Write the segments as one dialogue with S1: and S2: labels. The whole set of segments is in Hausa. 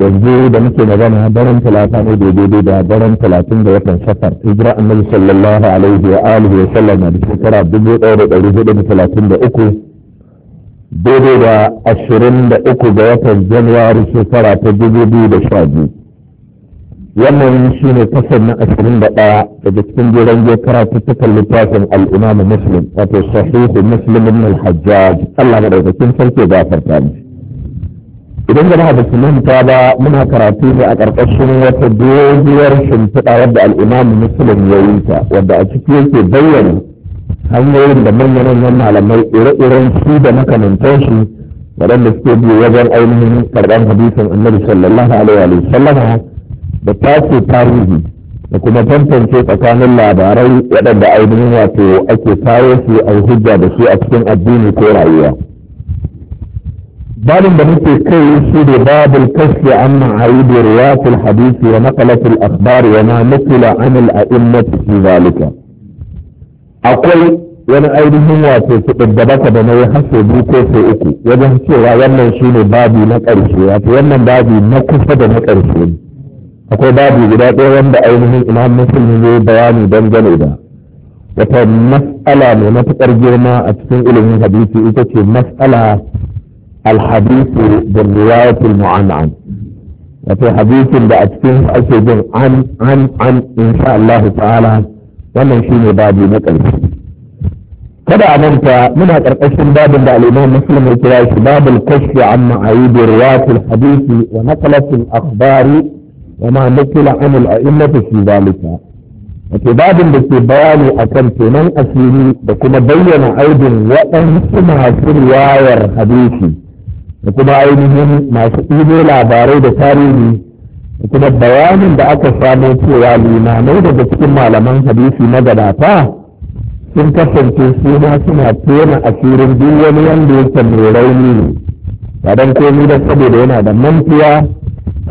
S1: yanzu da muke magana daren talata ne daidai da daren talatin da watan safar hijira annabi sallallahu alaihi wa alihi wa sallam da shekara dubu ɗaya da ɗari hudu da talatin da uku daidai da ashirin da uku ga watan januwari shekara ta dubu biyu da sha biyu wannan shi ne kasar na ashirin da ɗaya daga cikin jiran je karatuttukan littafin al'imamu muslim wato sahihu muslim ibn al-hajjaj allah madaukakin sarki gafarta mishi idan jama'a ba su manta ba muna karatu ne a ƙarƙashin wata doguwar shimfiɗa wadda al'imamu musulun ya yi ta wadda a ciki yake bayyana hanyoyin da manyan malamai ire-iren su da makamantan shi waɗanda suke biyu wajen ainihin karɓar hadisin annabi sallallahu alaihi wa sallama da tace tarihi da kuma tantance tsakanin labarai waɗanda ainihin wato ake kawo su a hujja da su a cikin addini ko rayuwa. بالم بنيتي كي سيدي باب الكشف عن عيد رواة الحديث ونقلة الأخبار وما نقل عن الأئمة في ذلك أقول وانا أيضا هم واتي سيدي دبكة بنوي حسو بوكو في اكو وانا حسو را وانا شيني بابي نكرشي واتي وانا بابي نكفة نكرشي أقول بابي جداد وانا أيضا هم إمام مسلم هم بياني بن جنوبا وفي مسألة من نتقر جرما أتسنقل من حديثي إذا كي مسألة الحديث بالرواية المعنعن وفي حديث بأكتين أكيد عن عن عن إن شاء الله تعالى ومن شين بابي مقلب كده أمنت من هكذا القشن باب بعد الإمام مسلم الكراش باب القشف عن معايب رواة الحديث ونقلة الأخبار وما نقل عن الأئمة في ذلك وفي باب بسيبان أكنت من أسلمي وكما بين أيضا وأنت في الرواية الحديثي da kuma ainihin masu ɗibo labarai da tarihi da kuma bayanin da aka samo cewa limamai daga cikin malaman hadisi gadata sun kasance su ma suna tona asirin duk wani wanda yake mai rauni ne ba don komai da saboda yana da mantuwa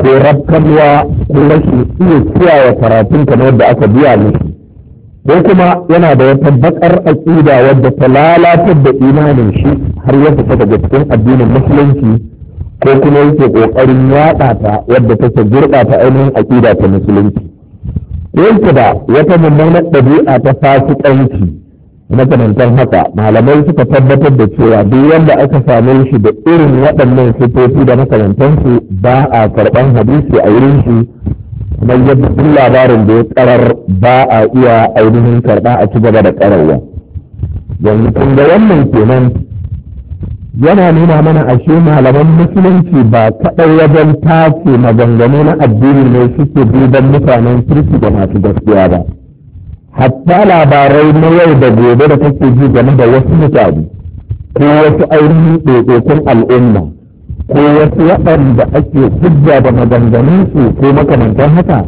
S1: ko rabkanwa ko rashin iya kiyaye karatun kamar da aka biya musu ko kuma yana da wata bakar aƙida wadda ta lalatar da imanin shi har ya fita daga cikin addinin musulunci ko kuma yake kokarin yada ta wadda take ta ainihin aƙida ta musulunci Yanzu da wata mummunar ɗabi'a ta fasikanci makamantar haka malamai suka tabbatar da cewa duk wanda aka same shi da irin waɗannan sifofi da makamantansu ba a karɓar hadisi a wurin shi kuma yadda duk labarin da ya karar ba a iya ainihin karɓa a ci gaba da kararwa yanzu kun ga wannan kenan yana nuna mana ashe malaman musulunci ba kaɗai wajen tace maganganu na addini ne suke duban mutanen kirki da masu gaskiya ba hatta labarai na yau da gobe da kake ji game da wasu mutane ko wasu ainihin ɗaiɗaikun al'umma ko wasu waɗanda ake hujja da maganganunsu ko makamantan haka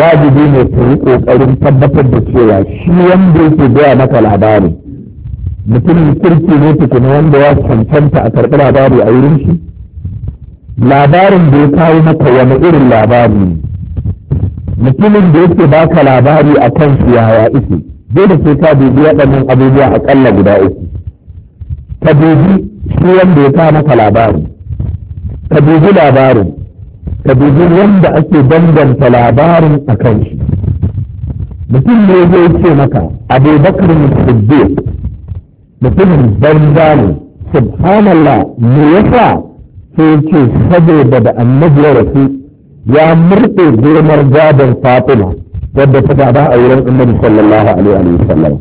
S1: wajibi ne su yi ƙoƙarin tabbatar da cewa shi wanda yake gaya maka labarin mutumin kirki ne tukuna wanda ya cancanta a karɓi labari a wurin shi labarin da ya kawo maka wani irin labari ne mutumin da yake baka labari a kan su yaya ike dole sai ka dubi waɗannan abubuwa aƙalla guda uku ka dubi shi wanda ya kawo maka labari ka dubi labarin ka dubi wanda ake danganta labarin a kan shi mutum ne zai ce maka abubakar siddiq mutumin banza ne subhanallah me yasa sai ce saboda da annabi ya rasu ya murɗe girmar gadon fatima wadda ta gada a wurin annabi sallallahu alaihi wa sallam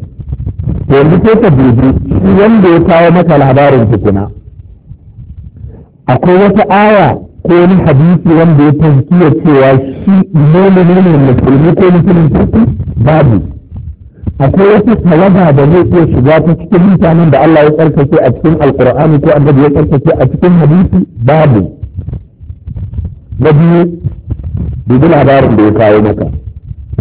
S1: yanzu sai ka dubi shi wanda ya kawo maka labarin tukuna akwai wata aya ko wani hadisi wanda ya tazkiya cewa shi ne ne musulmi ko musulmi babu akwai wasu tawaga da zai iya shiga ta cikin mutanen da Allah ya tsarkake a cikin alkur'ani ko annabi ya tsarkake a cikin hadisi babu na biyu dubi labarin da ya kawo maka